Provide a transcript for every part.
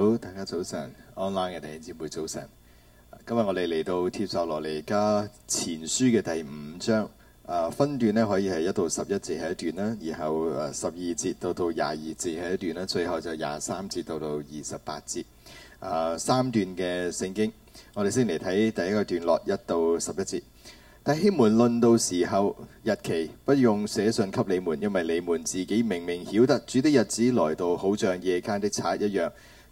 好，大家早晨，online 嘅弟兄姊妹早晨。今日我哋嚟到帖撒羅尼迦前書嘅第五章。啊、呃，分段咧可以係一到十一節係一段啦，然後啊十二節到到廿二節係一段啦，最後就廿三節到到二十八節啊，三段嘅聖經。我哋先嚟睇第一個段落一到十一節。弟兄們論到時候日期，不用寫信給你們，因為你們自己明明曉得主的日子來到好，好像夜間的賊一樣。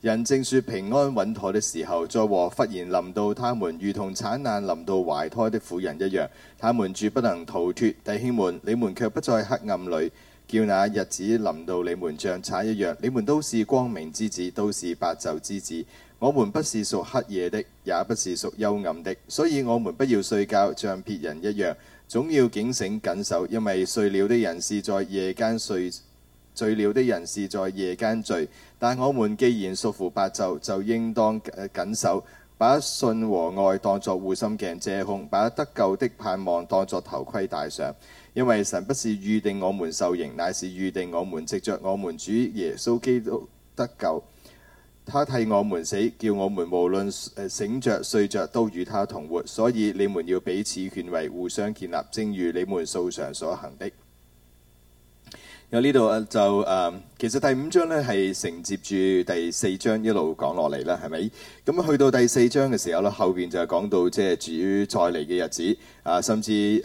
人正說平安穩妥的時候，災禍忽然臨到他們，如同產難臨到懷胎的婦人一樣，他們絕不能逃脫。弟兄們，你們卻不在黑暗裏，叫那日子臨到你們像賊一樣。你們都是光明之子，都是白晝之子。我們不是屬黑夜的，也不是屬幽暗的，所以我們不要睡覺，像別人一樣，總要警醒緊守，因為睡了的人是在夜間睡。醉了的人是在夜間醉，但我們既然屬乎白晝，就應當謹守，把信和愛當作護心鏡遮胸，把得救的盼望當作頭盔戴上。因為神不是預定我們受刑，乃是預定我們藉著我們主耶穌基督得救。他替我們死，叫我們無論醒着睡着都與他同活。所以你們要彼此勸慰，互相建立，正如你們素常所行的。有呢度啊，就誒，其實第五章咧係承接住第四章一路講落嚟啦，係咪？咁去到第四章嘅時候咧，後邊就係講到即係主再嚟嘅日子，啊，甚至誒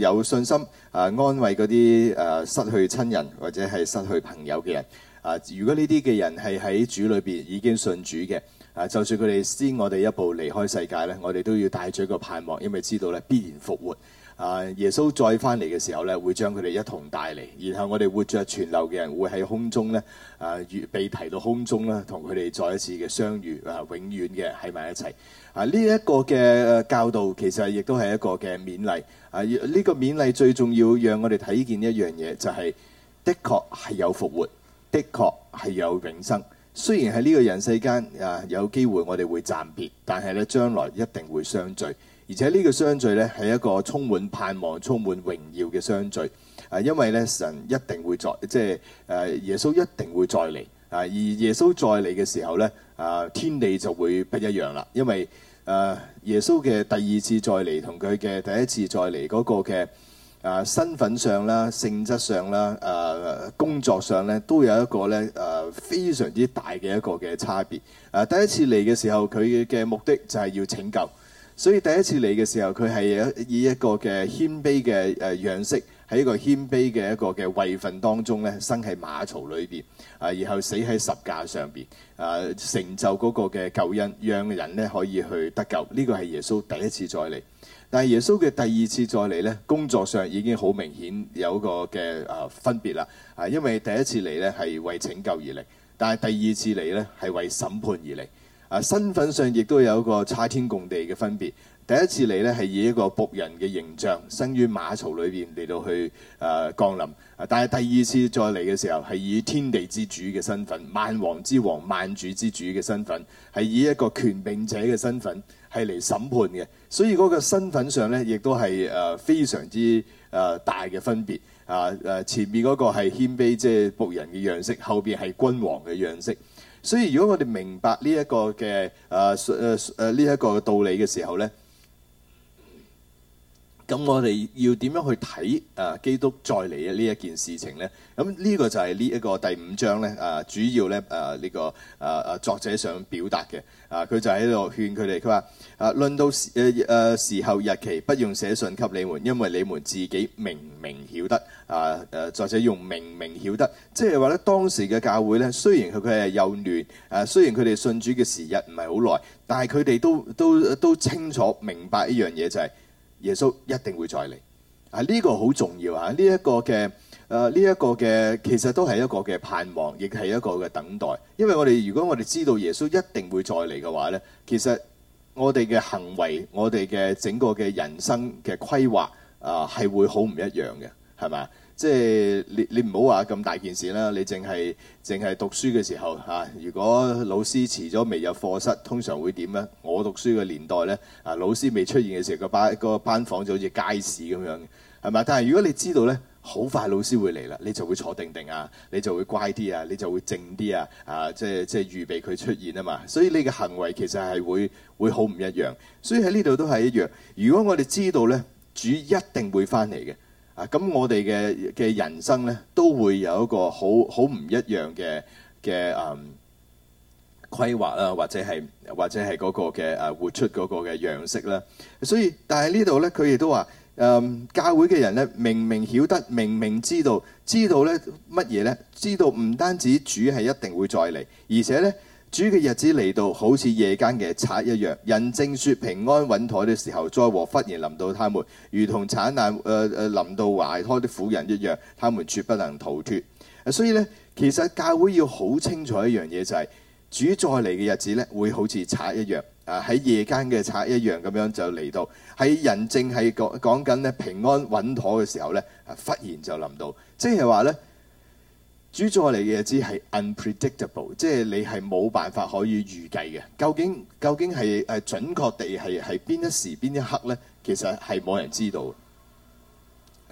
要有信心，啊，安慰嗰啲誒失去親人或者係失去朋友嘅人，啊，如果呢啲嘅人係喺主裏邊已經信主嘅，啊，就算佢哋先我哋一步離開世界咧，我哋都要帶住一個盼望，因為知道咧必然復活。啊！耶穌再翻嚟嘅時候呢會將佢哋一同帶嚟，然後我哋活着存留嘅人會喺空中呢啊，被提到空中啦，同佢哋再一次嘅相遇，啊，永遠嘅喺埋一齊。啊，呢、這、一個嘅教導其實亦都係一個嘅勉勵。啊，呢、這個勉勵最重要，讓我哋睇見一樣嘢，就是，就係的確係有復活，的確係有永生。雖然喺呢個人世間啊，有機會我哋會暫別，但係呢將來一定會相聚。而且呢個相聚呢，係一個充滿盼望、充滿榮耀嘅相聚，啊，因為呢，神一定會再，即係耶穌一定會再嚟，啊，而耶穌再嚟嘅時候呢，啊，天地就會不一樣啦，因為耶穌嘅第二次再嚟同佢嘅第一次再嚟嗰個嘅身份上啦、性質上啦、誒工作上呢，都有一個呢誒非常之大嘅一個嘅差別。誒第一次嚟嘅時候，佢嘅目的就係要拯救。所以第一次嚟嘅時候，佢係以一個嘅謙卑嘅誒樣式，喺一個謙卑嘅一個嘅位份當中咧，生喺馬槽裏邊，啊，然後死喺十架上邊，啊、呃，成就嗰個嘅救恩，讓人咧可以去得救。呢、這個係耶穌第一次再嚟。但係耶穌嘅第二次再嚟咧，工作上已經好明顯有個嘅啊分別啦。啊，因為第一次嚟咧係為拯救而嚟，但係第二次嚟咧係為審判而嚟。身份上亦都有一個差天共地嘅分別。第一次嚟呢，係以一個僕人嘅形象，生於馬槽裏面，嚟到去啊，降臨啊，但係第二次再嚟嘅時候，係以天地之主嘅身份，萬王之王、萬主之主嘅身份，係以一個權柄者嘅身份係嚟審判嘅。所以嗰個身份上呢，亦都係非常之大嘅分別。啊，前面嗰個係謙卑，即係僕人嘅樣式，後面係君王嘅樣式。所以如果我哋明白呢一個嘅誒誒誒呢一個道理嘅時候咧。咁我哋要點樣去睇啊基督再嚟呢一件事情咧？咁呢個就係呢一個第五章咧啊，主要咧啊呢、呢個啊作者想表達嘅啊，佢就喺度勸佢哋，佢話啊論到時誒時候、啊、日期，不用寫信給你們，因為你們自己明明曉得啊誒作者用明明曉得，即係話咧當時嘅教會咧，雖然佢佢係幼嫩，誒、啊，雖然佢哋信主嘅時日唔係好耐，但係佢哋都都都，都清楚明白一樣嘢就係、是。耶穌一定會再嚟啊！呢個好重要啊！呢一個嘅誒，呢一個嘅其實都係一個嘅盼望，亦係一個嘅等待。因為我哋如果我哋知道耶穌一定會再嚟嘅話咧，其實我哋嘅行為、我哋嘅整個嘅人生嘅規劃啊，係會好唔一樣嘅，係嘛？即係你你唔好話咁大件事啦，你淨係淨係讀書嘅時候嚇、啊。如果老師遲咗未入課室，通常會點呢？我讀書嘅年代呢，啊老師未出現嘅時候，個班、個班房就好似街市咁樣，係咪？但係如果你知道呢，好快老師會嚟啦，你就會坐定定啊，你就會乖啲啊，你就會靜啲啊，啊即係即係預備佢出現啊嘛。所以你嘅行為其實係會會好唔一樣。所以喺呢度都係一樣。如果我哋知道呢，主一定會翻嚟嘅。啊！咁我哋嘅嘅人生咧，都會有一個好好唔一樣嘅嘅誒規劃啦，或者係或者係嗰個嘅誒活出嗰個嘅樣式啦。所以，但係呢度咧，佢亦都話誒，教會嘅人咧，明明曉得，明明知道，知道咧乜嘢咧？知道唔單止主係一定會再嚟，而且咧。主嘅日子嚟到，好似夜間嘅賊一樣。人正說平安穩妥嘅時候，災禍忽然臨到他們，如同產難誒誒臨到懷胎的婦人一樣，他們絕不能逃脫。啊，所以呢，其實教會要好清楚一樣嘢就係、是，主再嚟嘅日子呢會好似賊一樣，啊喺夜間嘅賊一樣咁樣就嚟到，喺人正係講講緊呢平安穩妥嘅時候呢，啊忽然就臨到，即係話呢。主宰嚟嘅知之係 unpredictable，即係你係冇辦法可以預計嘅。究竟究竟係係準確地係係邊一時邊一刻呢？其實係冇人知道。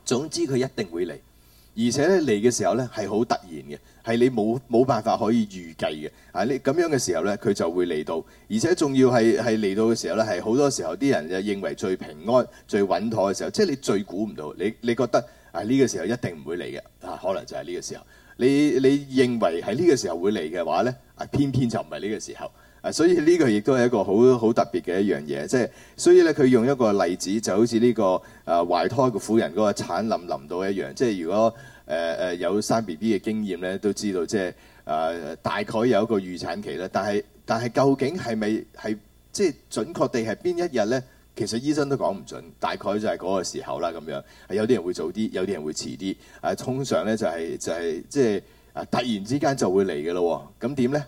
總之佢一定會嚟，而且咧嚟嘅時候呢係好突然嘅，係你冇冇辦法可以預計嘅啊！呢咁樣嘅時候呢，佢就會嚟到，而且仲要係係嚟到嘅時候呢，係好多時候啲人就認為最平安最穩妥嘅時候，即係你最估唔到你你覺得啊呢個時候一定唔會嚟嘅啊，可能就係呢個時候。你你認為喺呢個時候會嚟嘅話咧，啊偏偏就唔係呢個時候，啊所以呢個亦都係一個好好特別嘅一樣嘢，即係所以咧佢用一個例子就好似呢個啊懷胎嘅婦人嗰個產臨臨到一樣，即係如果誒誒、呃、有生 B B 嘅經驗咧，都知道即係啊大概有一個預產期啦，但係但係究竟係咪係即係準確地係邊一日咧？其實醫生都講唔準，大概就係嗰個時候啦咁樣。有啲人會早啲，有啲人會遲啲。誒、啊，通常呢，就係、是、就係即係誒突然之間就會嚟嘅咯。咁、啊、點呢？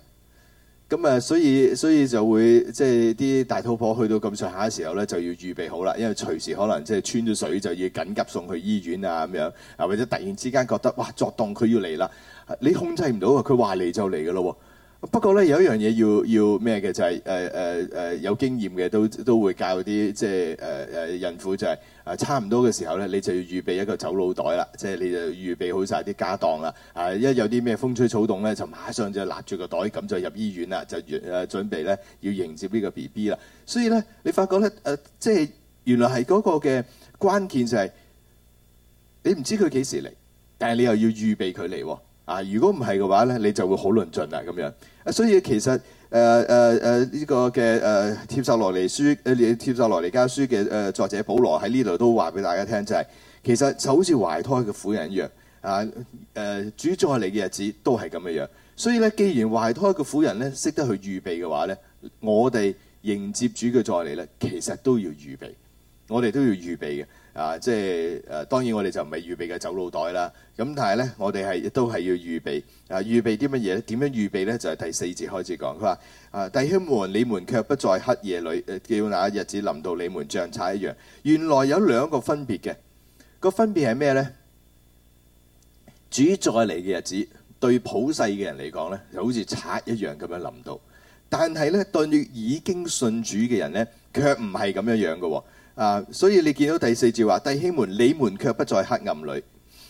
咁、啊、誒，所以所以就會即係啲大肚婆去到咁上下嘅時候呢，就要預備好啦。因為隨時可能即係、就是、穿咗水就要緊急送去醫院啊咁樣啊，或者突然之間覺得哇作動佢要嚟啦，你控制唔到啊！佢話嚟就嚟嘅咯喎。不過咧，有一樣嘢要要咩嘅，就係誒誒誒有經驗嘅都都會教啲即係誒誒孕婦就係、是、誒差唔多嘅時候咧，你就要預備一個走佬袋啦，即係你就預備好晒啲家當啦。啊，一有啲咩風吹草動咧，就馬上就攬住個袋咁就入醫院啦，就誒準備咧要迎接呢個 B B 啦。所以咧，你發覺咧誒、呃，即係原來係嗰個嘅關鍵就係、是、你唔知佢幾時嚟，但係你又要預備佢嚟喎。啊！如果唔係嘅話咧，你就會好論盡啦咁樣。啊，所以其實誒誒誒呢個嘅誒、呃、帖撒羅尼迦書誒、呃、帖撒羅尼迦前書嘅誒作者保羅喺呢度都話俾大家聽、就是，就係其實就好似懷胎嘅婦人一樣啊。誒、啊、主再嚟嘅日子都係咁樣。所以咧，既然懷胎嘅婦人咧識得去預備嘅話咧，我哋迎接主嘅再嚟咧，其實都要預備，我哋都要預備嘅。啊，即係誒、啊，當然我哋就唔係預備嘅走佬袋啦。咁但係呢，我哋亦都係要預備啊，預備啲乜嘢呢？點樣預備呢？就係、是、第四節開始講。佢話啊，弟兄們，你們卻不在黑夜裏，叫那日子臨到你們像賊一樣。原來有兩個分別嘅，那個分別係咩呢？主再嚟嘅日子，對普世嘅人嚟講呢，就好似賊一樣咁樣臨到。但係呢，對已經信主嘅人呢，卻唔係咁樣樣嘅喎。啊，所以你見到第四節話：弟兄們，你們卻不在黑暗裏。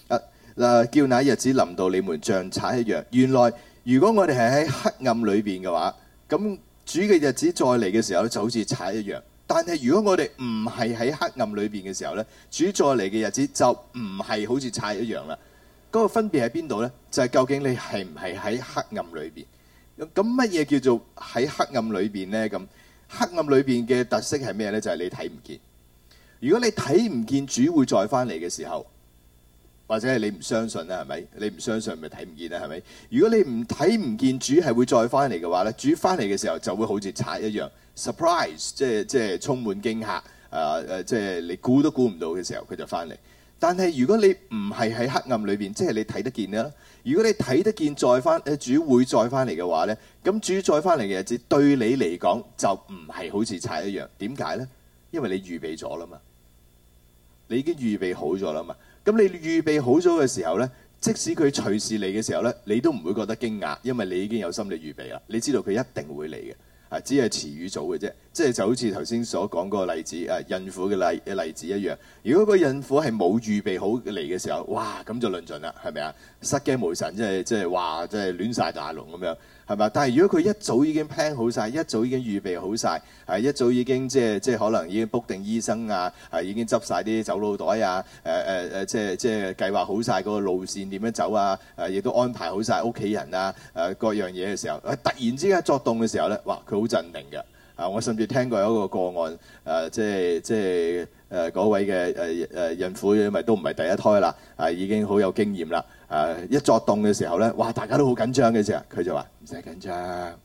啊嗱，叫那日子臨到你們像賊一樣。原來如果我哋係喺黑暗裏邊嘅話，咁主嘅日子再嚟嘅時候就好似賊一樣。但係如果我哋唔係喺黑暗裏邊嘅時候咧，主再嚟嘅日子就唔係好似賊一樣啦。嗰個分別喺邊度咧？就係究竟你係唔係喺黑暗裏邊？咁乜嘢叫做喺黑暗裏邊咧？咁黑暗裏邊嘅特色係咩咧？就係你睇唔見。如果你睇唔見主會再翻嚟嘅時候，或者係你唔相信咧，係咪？你唔相信咪睇唔見咧，係咪？如果你唔睇唔見主係會再翻嚟嘅話咧，主翻嚟嘅時候就會好似賊一樣，surprise，即係即係充滿驚嚇，啊、即係你估都估唔到嘅時候佢就翻嚟。但係如果你唔係喺黑暗裏面，即係你睇得見啦。如果你睇得見再翻誒主會再翻嚟嘅話咧，咁主再翻嚟嘅日子對你嚟講就唔係好似賊一樣。點解咧？因為你預備咗啦嘛。你已經預備好咗啦嘛，咁你預備好咗嘅時候呢，即使佢隨時嚟嘅時候呢，你都唔會覺得驚訝，因為你已經有心理預備啦。你知道佢一定會嚟嘅，啊，只係遲與早嘅啫，即係就好似頭先所講嗰個例子，誒，孕婦嘅例例子一樣。如果個孕婦係冇預備好嚟嘅時候，哇，咁就論盡啦，係咪啊？失驚無神，即係即係哇，即係亂晒大龍咁樣。係嘛？但係如果佢一早已經 plan 好晒，一早已經預備好晒，係、啊、一早已經即係即係可能已經 book 定醫生啊，係、啊、已經執晒啲走佬袋啊，誒誒誒，即係即係計劃好晒嗰個路線點樣走啊，誒、啊、亦都安排好晒屋企人啊，誒、啊、各樣嘢嘅時候，誒、啊、突然之間作動嘅時候咧，哇！佢好鎮定嘅。啊，我甚至聽過有一個個案，誒、啊、即係即係誒嗰位嘅誒誒孕婦，因為都唔係第一胎啦，係、啊、已經好有經驗啦。誒、uh, 一作動嘅時候咧，哇！大家都好緊張嘅啫，佢就話唔使緊張。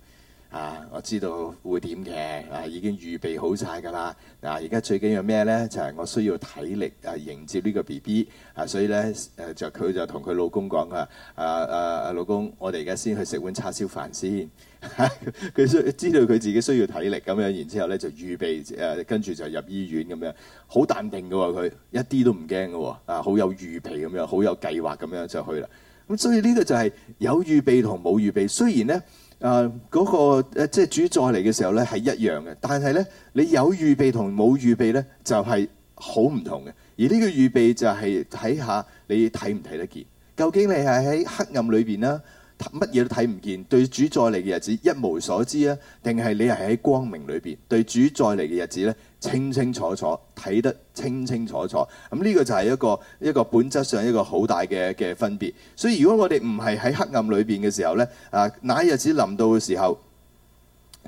啊！我知道會點嘅，啊已經預備好晒㗎啦。啊、而家最緊要咩呢？就係、是、我需要體力啊，迎接呢個 B B。啊，所以呢，啊、就佢就同佢老公講啊啊啊！老公，我哋而家先去食碗叉燒飯先。佢、啊、知道佢自己需要體力咁樣，然之後呢就預備跟住、啊、就入醫院咁樣。好淡定㗎喎、啊，佢一啲都唔驚㗎喎，啊好有預備咁樣，好有計劃咁樣就去啦。咁所以呢個就係有預備同冇預備。雖然呢。啊、呃，嗰、嗰個即係主再嚟嘅時候咧，係一樣嘅。但係咧，你有預備同冇預備咧，就係好唔同嘅。而呢個預備就係睇下你睇唔睇得見，究竟你係喺黑暗裏面啦，乜嘢都睇唔見，對主再嚟嘅日子一無所知啊，定係你係喺光明裏面，對主再嚟嘅日子咧，清清楚楚睇得清清楚楚，咁呢個就係一個一個本質上一個好大嘅嘅分別。所以如果我哋唔係喺黑暗裏面嘅時候呢，啊那一日子臨到嘅時候，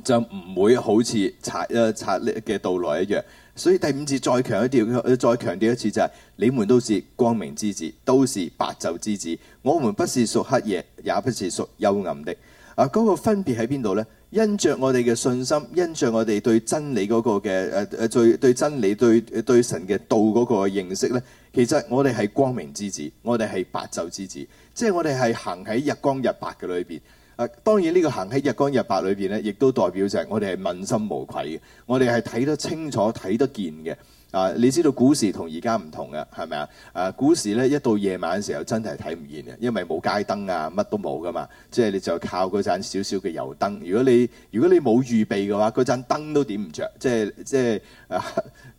就唔會好似賊誒賊嘅到來一樣。所以第五節再強一調，再強調一次就係：你們都是光明之子，都是白晝之子。我們不是屬黑夜，也不是屬幽暗的。啊，嗰個分別喺邊度呢？因着我哋嘅信心，因着我哋對真理嗰個嘅誒誒，對對真理對對神嘅道嗰個的認識咧，其實我哋係光明之子，我哋係白晝之子，即係我哋係行喺日光日白嘅裏邊。誒，當然呢個行喺日光日白裏邊呢，亦都代表就係我哋係問心無愧嘅，我哋係睇得清楚、睇得見嘅。啊！你知道古時同而家唔同嘅，係咪啊？啊，古時咧一到夜晚嘅時候，真係睇唔見嘅，因為冇街燈啊，乜都冇噶嘛。即係你就靠嗰盞少少嘅油燈。如果你如果你冇預備嘅話，嗰盞燈都點唔着。即係即係誒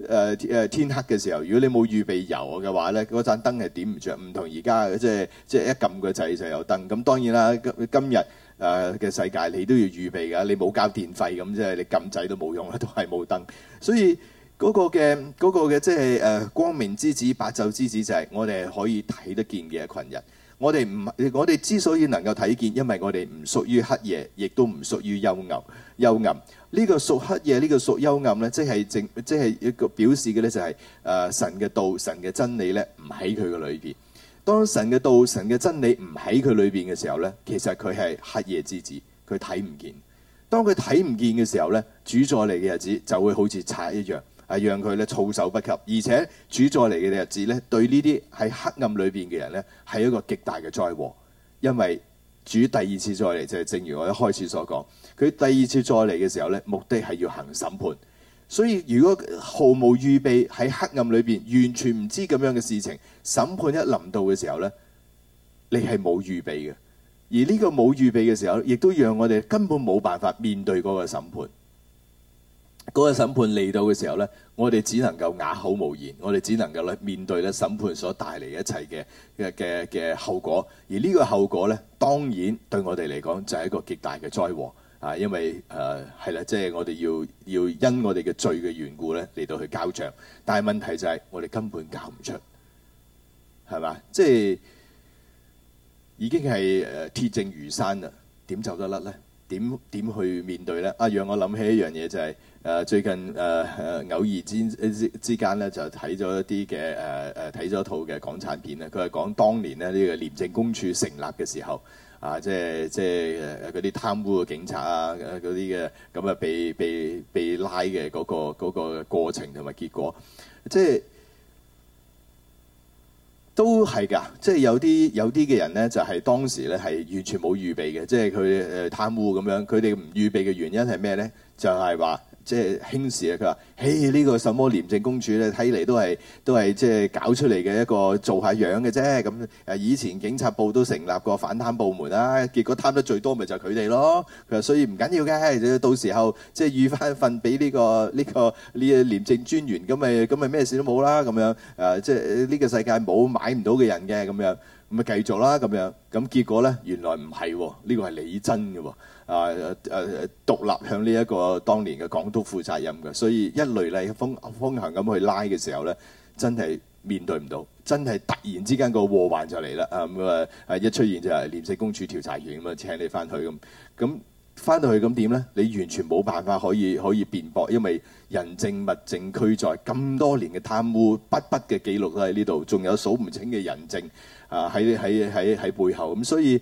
誒誒天黑嘅時候，如果你冇預備油嘅話咧，嗰盞燈係點唔着。唔同而家即係即係一撳個掣就有燈。咁當然啦，今日誒嘅、呃、世界你都要預備㗎。你冇交電費咁，即係你撳掣都冇用啦，都係冇燈。所以嗰、那個嘅嗰嘅即係光明之子、白晝之子就係我哋可以睇得見嘅一群人。我哋唔我哋之所以能夠睇見，因為我哋唔屬於黑夜，亦都唔屬於幽暗。幽暗呢、這個屬黑夜，呢、這個屬幽暗即係正即係一個表示嘅呢，就係、是就是就是呃、神嘅道、神嘅真理呢唔喺佢嘅裏邊。當神嘅道、神嘅真理唔喺佢裏邊嘅時候呢，其實佢係黑夜之子，佢睇唔見。當佢睇唔見嘅時候呢，主再嚟嘅日子就會好似賊一樣。係讓佢咧措手不及，而且主再嚟嘅日子咧，對呢啲喺黑暗裏邊嘅人咧，係一個極大嘅災禍，因為主第二次再嚟就係正如我一開始所講，佢第二次再嚟嘅時候咧，目的係要行審判，所以如果毫無預備喺黑暗裏邊，完全唔知咁樣嘅事情，審判一臨到嘅時候咧，你係冇預備嘅，而呢個冇預備嘅時候，亦都讓我哋根本冇辦法面對嗰個審判。嗰個審判嚟到嘅時候咧，我哋只能夠啞口無言，我哋只能夠咧面對咧審判所帶嚟一切嘅嘅嘅嘅後果，而呢個後果咧，當然對我哋嚟講就係一個極大嘅災禍啊！因為誒係啦，即係我哋要要因我哋嘅罪嘅緣故咧嚟到去交賬，但係問題就係我哋根本交唔出，係嘛？即係已經係誒鐵證如山啦，點走得甩咧？點點去面對咧？啊，讓我諗起一樣嘢就係、是、誒、啊、最近誒、啊啊、偶爾之之之間咧，就睇咗一啲嘅誒誒睇咗套嘅港產片咧。佢係講當年呢，呢、呢個廉政公署成立嘅時候啊，即係即係嗰啲貪污嘅警察啊，嗰啲嘅咁啊被被被拉嘅嗰個嗰、嗰個、過程同埋結果，即係。都係㗎，即、就、係、是、有啲有啲嘅人呢，就係當時呢係完全冇預備嘅，即係佢他貪污咁樣，佢哋唔預備嘅原因係咩呢？就係話。即係輕視啊！佢話：嘿，呢個什麼廉政公署咧，睇嚟都係都係即係搞出嚟嘅一個做下樣嘅啫。咁誒，以前警察部都成立過反貪部門啦，結果貪得最多咪就係佢哋咯。佢話：所以唔緊要嘅，到時候即係預翻份俾呢個呢個呢廉政專員，咁咪咁咪咩事都冇啦。咁樣誒，即係呢個世界冇買唔到嘅人嘅咁樣。咁咪繼續啦咁樣，咁結果咧原來唔係喎，呢，這個係李真嘅喎，哦，啊誒獨立向呢一個當年嘅港督負責任嘅，所以一雷厲風風行咁去拉嘅時候咧，真係面對唔到，真係突然之間個禍患就嚟啦啊，咁啊，一出現就係廉政公署調查員咁樣請你翻去咁，咁翻到去咁點咧？你完全冇辦法可以可以辯駁，因為人證物證俱在，咁多年嘅貪污筆筆嘅記錄都喺呢度，仲有數唔清嘅人證。啊！喺喺喺喺背後，咁，所以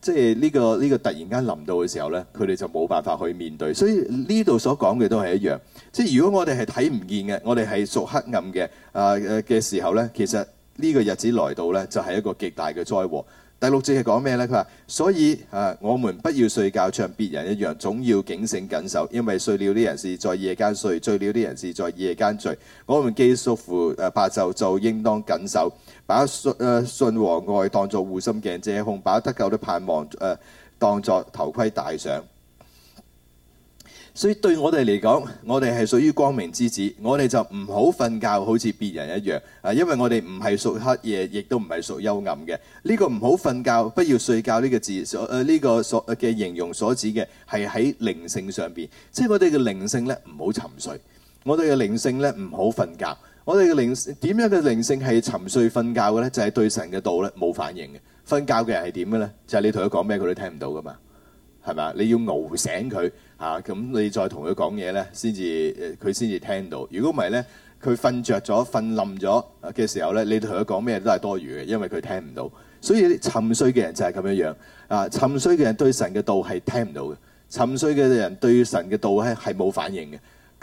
即係呢個呢個突然間臨到嘅時候咧，佢哋就冇辦法去面對。所以呢度所講嘅都係一樣，即係如果我哋係睇唔見嘅，我哋係屬黑暗嘅，誒嘅時候咧，其實。呢、這個日子來到呢，就係、是、一個極大嘅災禍。第六節係講咩呢？佢話：所以啊，我們不要睡覺，像別人一樣，總要警醒緊守，因為睡了啲人是在夜間睡，醉了啲人是在夜間醉。我們既屬乎白晝，啊、就應當緊守，把信誒、啊、信和愛當作護心鏡遮胸，把得救的盼望誒、啊、當作頭盔戴上。所以對我哋嚟講，我哋係屬於光明之子，我哋就唔好瞓覺，好似別人一樣。啊，因為我哋唔係屬黑夜，亦都唔係屬幽暗嘅。呢個唔好瞓覺、不要睡覺呢個字，所誒呢個所嘅形容所指嘅係喺靈性上邊。即係我哋嘅靈性咧，唔好沉睡。我哋嘅靈性咧，唔好瞓覺。我哋嘅靈點樣嘅靈性係沉睡瞓覺嘅咧？就係對神嘅道咧冇反應嘅。瞓覺嘅人係點嘅咧？就係你同佢講咩，佢都聽唔到噶嘛，係咪啊？你要熬醒佢。嚇、啊、咁你再同佢講嘢呢，先至佢先至聽到。如果唔係呢，佢瞓着咗、瞓冧咗嘅時候呢，你同佢講咩都係多餘嘅，因為佢聽唔到。所以沉睡嘅人就係咁樣樣。啊，沉睡嘅人對神嘅道係聽唔到嘅。沉睡嘅人對神嘅道係冇反應嘅。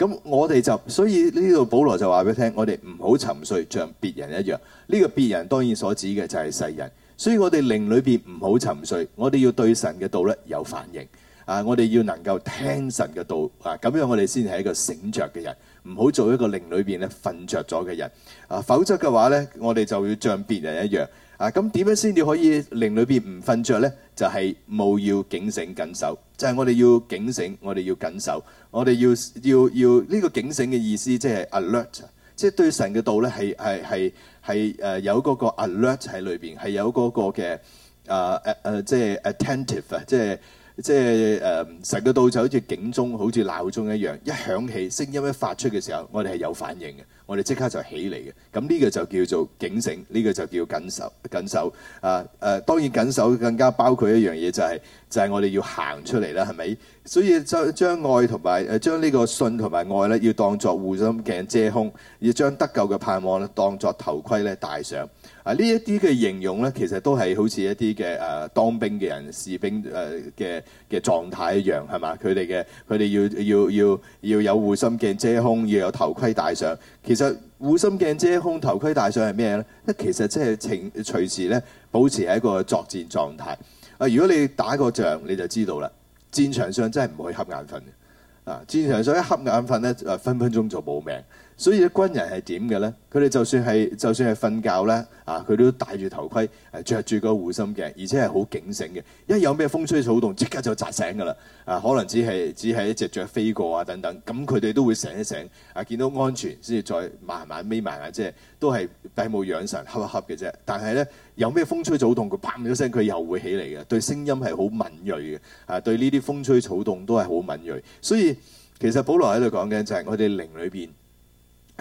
咁我哋就所以呢度保羅就話俾佢聽，我哋唔好沉睡，像別人一樣。呢、這個別人當然所指嘅就係世人。所以我哋靈裏邊唔好沉睡，我哋要對神嘅道呢有反應。啊！我哋要能夠聽神嘅道啊，咁樣我哋先係一個醒著嘅人，唔好做一個靈裏邊咧瞓著咗嘅人啊！否則嘅話咧，我哋就要像別人一樣啊！咁點樣先至可以靈裏邊唔瞓著咧？就係冇要警醒緊守，就係我哋要警醒，我哋要緊守，我哋要要要呢個警醒嘅意思，即係 alert，即係對神嘅道咧，係係係係誒有嗰個 alert 喺裏邊，係有嗰個嘅啊誒誒，即係 attentive 啊，即係。即係誒，成、嗯、個道就好似警鐘，好似鬧鐘一樣，一響起，聲音一發出嘅時候，我哋係有反應嘅，我哋即刻就起嚟嘅。咁呢個就叫做警醒，呢、這個就叫謹守謹守。啊誒、啊，當然謹守更加包括一樣嘢，就是，就係就係我哋要行出嚟啦，係咪？所以將將愛同埋誒將呢個信同埋愛咧，要當作護心鏡遮胸，要將得救嘅盼望咧，當作頭盔咧戴上。啊！呢一啲嘅形容咧，其實都係好似一啲嘅誒當兵嘅人、士兵誒嘅嘅狀態一樣，係嘛？佢哋嘅佢哋要要要要有護心鏡遮胸，要有頭盔戴上。其實護心鏡遮胸、頭盔戴上係咩咧？啊，其實即係情隨時咧保持喺一個作戰狀態。啊，如果你打過仗你就知道啦，戰場上真係唔可以瞌眼瞓啊，戰場上一瞌眼瞓咧，誒、啊、分分鐘就冇命。所以啲軍人係點嘅咧？佢哋就算係就算係瞓覺咧，啊，佢都戴住頭盔，誒，著住個護心鏡，而且係好警醒嘅。一有咩風吹草動，即刻就擲醒紮醒噶啦。啊，可能只係只係一隻雀飛過啊，等等。咁佢哋都會醒一醒啊，見到安全先至再慢慢眯埋眼，即係都係閉目養神，瞌一瞌嘅啫。但係咧有咩風吹草動，佢砰一聲，佢又會起嚟嘅。對聲音係好敏鋭嘅啊，對呢啲風吹草動都係好敏鋭。所以其實保羅喺度講嘅就係我哋靈裏邊。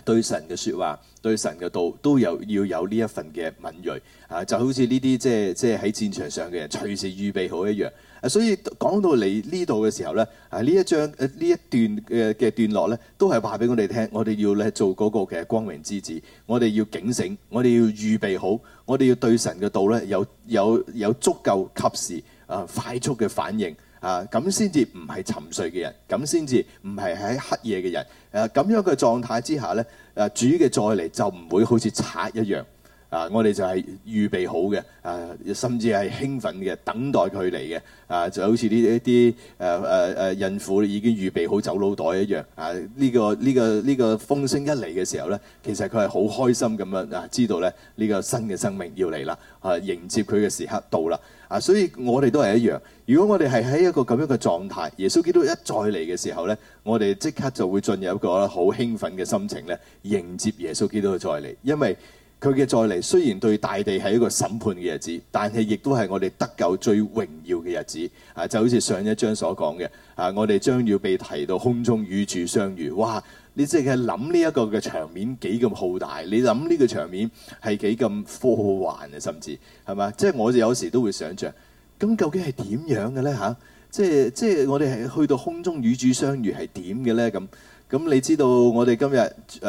對神嘅説話，對神嘅道都有要有呢一份嘅敏鋭啊！就好似呢啲即係即係喺戰場上嘅人隨時預備好一樣。啊，所以講到嚟呢度嘅時候咧，啊呢一章誒呢一段嘅嘅段落咧，都係話俾我哋聽，我哋要咧做嗰個嘅光明之子，我哋要警醒，我哋要預備好，我哋要對神嘅道咧有有有足夠及時啊快速嘅反應。啊，咁先至唔係沉睡嘅人，咁先至唔係喺黑夜嘅人。誒、啊，咁樣嘅狀態之下咧，誒、啊、主嘅再嚟就唔會好似賊一樣。啊！我哋就係預備好嘅，啊甚至係興奮嘅，等待佢嚟嘅。啊，就好似呢一啲誒誒誒孕婦已經預備好走佬袋一樣。啊，呢、這個呢、這個呢、這個風聲一嚟嘅時候呢，其實佢係好開心咁樣啊，知道咧呢、這個新嘅生命要嚟啦，啊迎接佢嘅時刻到啦。啊，所以我哋都係一樣。如果我哋係喺一個咁樣嘅狀態，耶穌基督一再嚟嘅時候呢，我哋即刻就會進入一個好興奮嘅心情咧，迎接耶穌基督再嚟，因為。佢嘅再嚟雖然對大地係一個審判嘅日子，但係亦都係我哋得救最榮耀嘅日子。啊，就好似上一章所講嘅，啊，我哋將要被提到空中與主相遇。哇！你真係諗呢一個嘅場面幾咁浩大，你諗呢個場面係幾咁科幻啊，甚至係嘛？即係、就是、我哋有時都會想像，咁究竟係點樣嘅咧？嚇、啊，即係即係我哋係去到空中與主相遇係點嘅咧？咁。咁你知道我哋今日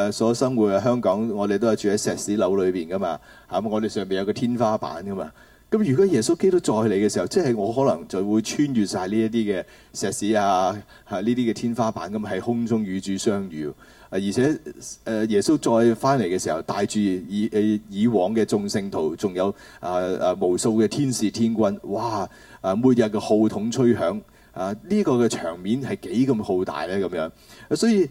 誒所生活嘅香港，我哋都係住喺石屎樓裏邊噶嘛嚇，咁我哋上面有個天花板噶嘛。咁如果耶穌基督再嚟嘅時候，即係我可能就會穿越曬呢一啲嘅石屎啊，呢啲嘅天花板咁，喺空中與主相遇啊！而且耶穌再翻嚟嘅時候，帶住以誒以往嘅眾聖徒，仲有啊啊無數嘅天使天軍，哇！誒每日嘅號筒吹響。啊！呢、這個嘅場面係幾咁浩大呢？咁樣，所以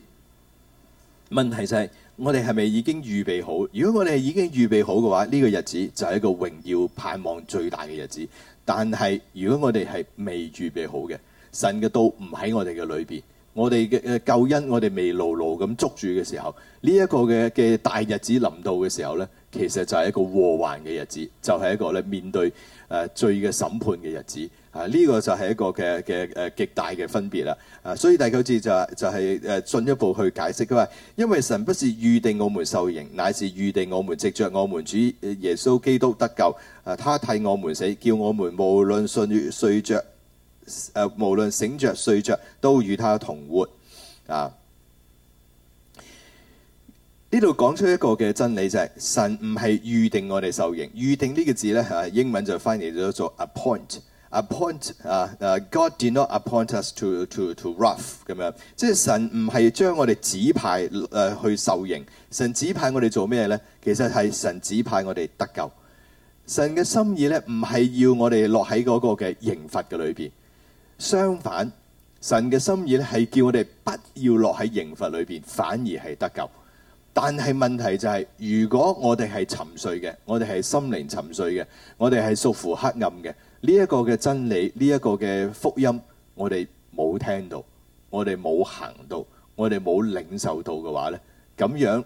問題就係我哋係咪已經預備好？如果我哋已經預備好嘅話，呢、這個日子就係一個榮耀盼望最大嘅日子。但係如果我哋係未預備好嘅，神嘅道唔喺我哋嘅裏邊，我哋嘅救恩我哋未牢牢咁捉住嘅時候，呢、這、一個嘅嘅大日子臨到嘅時候呢，其實就係一個禍患嘅日子，就係、是、一個咧面對誒、呃、罪嘅審判嘅日子。.啊！呢、這個就係一個嘅嘅極大嘅分別啦。啊，所以第九節就係、是、就是就是、進一步去解釋佢話，因為神不是預定我們受刑，乃是預定我們藉著我們，我們主耶穌基督得救。啊，他替我們死，叫我們無論睡、呃、無論覺睡著，誒無論醒着，睡着都與他同活。啊，呢度講出一個嘅真理就係、是、神唔係預定我哋受刑。預定呢個字咧、啊、英文就翻譯咗做 appoint。appoint、uh, God did not appoint us to to to wrath 咁樣，即係神唔係將我哋指派誒、uh, 去受刑，神指派我哋做咩咧？其實係神指派我哋得救。神嘅心意咧，唔係要我哋落喺嗰個嘅刑罰嘅裏邊，相反，神嘅心意咧係叫我哋不要落喺刑罰裏邊，反而係得救。但係問題就係、是，如果我哋係沉睡嘅，我哋係心靈沉睡嘅，我哋係屬乎黑暗嘅。呢一個嘅真理，呢一個嘅福音，我哋冇聽到，我哋冇行到，我哋冇領受到嘅話呢，咁樣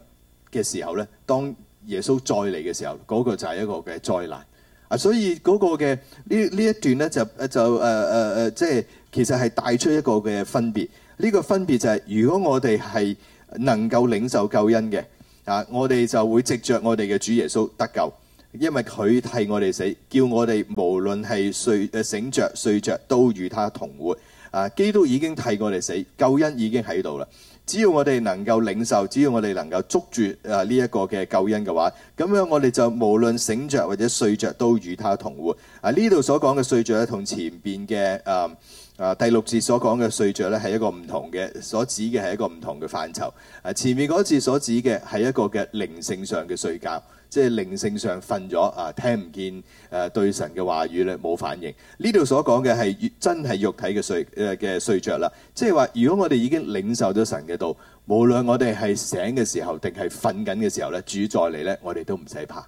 嘅時候呢，當耶穌再嚟嘅時候，嗰個就係一個嘅災難啊！所以嗰個嘅呢呢一段呢，就就誒誒誒，即係其實係帶出一個嘅分別。呢個分別就係，如果我哋係能夠領受救恩嘅啊，我哋就會藉着我哋嘅主耶穌得救。因為佢替我哋死，叫我哋無論係睡誒醒著、睡著，都與他同活。啊，基督已經替我哋死，救恩已經喺度啦。只要我哋能夠領受，只要我哋能夠捉住誒呢一個嘅救恩嘅話，咁樣我哋就無論醒著或者睡著，都與他同活。啊，呢度所講嘅睡著咧，同前邊嘅誒誒第六節所講嘅睡著咧，係一個唔同嘅，所指嘅係一個唔同嘅範疇。啊，前面嗰一節所指嘅係一個嘅靈性上嘅睡覺。即係靈性上瞓咗啊，聽唔見誒對神嘅話語咧，冇反應。呢度所講嘅係真係肉體嘅睡嘅睡著啦。即係話，如果我哋已經領受咗神嘅道，無論我哋係醒嘅時候定係瞓緊嘅時候咧，主再嚟咧，我哋都唔使怕，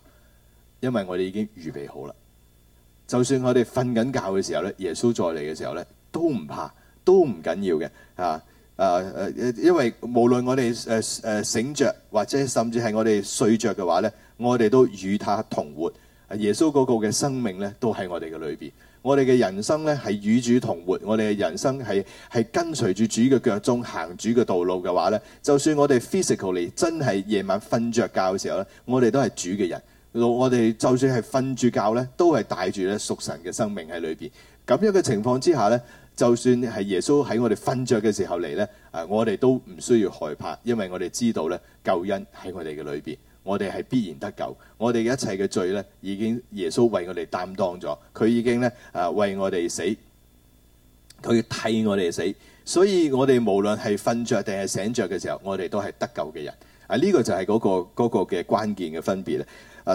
因為我哋已經預備好啦。就算我哋瞓緊覺嘅時候咧，耶穌再嚟嘅時候咧，都唔怕，都唔緊要嘅啊啊誒，因為無論我哋誒誒醒着，或者甚至係我哋睡着嘅話咧。我哋都與祂同活，耶穌嗰個嘅生命呢，都喺我哋嘅裏面。我哋嘅人生呢，係與主同活。我哋嘅人生係係跟隨住主嘅腳蹤行主嘅道路嘅話呢，就算我哋 physically 真係夜晚瞓着覺嘅時候呢，我哋都係主嘅人。我哋就算係瞓住覺呢，都係帶住咧屬神嘅生命喺裏面。咁樣嘅情況之下呢，就算係耶穌喺我哋瞓着嘅時候嚟呢，啊，我哋都唔需要害怕，因為我哋知道呢，救恩喺我哋嘅裏面。我哋係必然得救，我哋嘅一切嘅罪咧，已經耶穌為我哋擔當咗，佢已經咧啊為我哋死，佢要替我哋死，所以我哋無論係瞓着定係醒着嘅時候，我哋都係得救嘅人啊！呢個就係嗰個嗰個嘅關鍵嘅分別咧。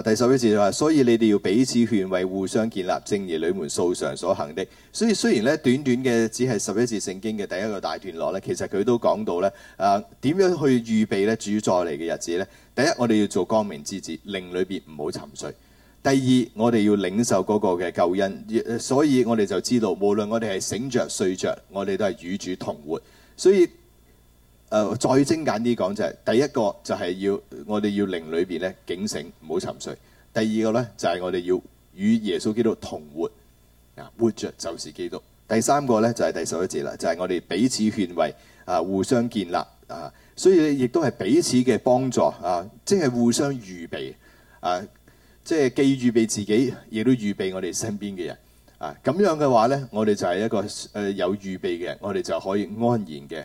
第十一節就話，所以你哋要彼此勸慰，互相建立，正如你們素常所行的。所以雖然短短嘅，只係十一節聖經嘅第一個大段落，其實佢都講到咧，啊點樣去預備主再嚟嘅日子呢，第一，我哋要做光明之子，令裏面唔好沉睡；第二，我哋要領受嗰個嘅救恩。所以我哋就知道，無論我哋係醒着、睡着，我哋都係與主同活。所以。誒，再精簡啲講就係，第一個就係要我哋要靈裏邊咧警醒，唔好沉睡。第二個咧就係我哋要與耶穌基督同活，啊，活着就是基督。第三個咧就係第十一節啦，就係我哋彼此勸慰啊，互相建立啊，所以亦都係彼此嘅幫助啊，即係互相預備啊，即係既預備自己，亦都預備我哋身邊嘅人啊。咁樣嘅話咧，我哋就係一個誒有預備嘅人，我哋就可以安然嘅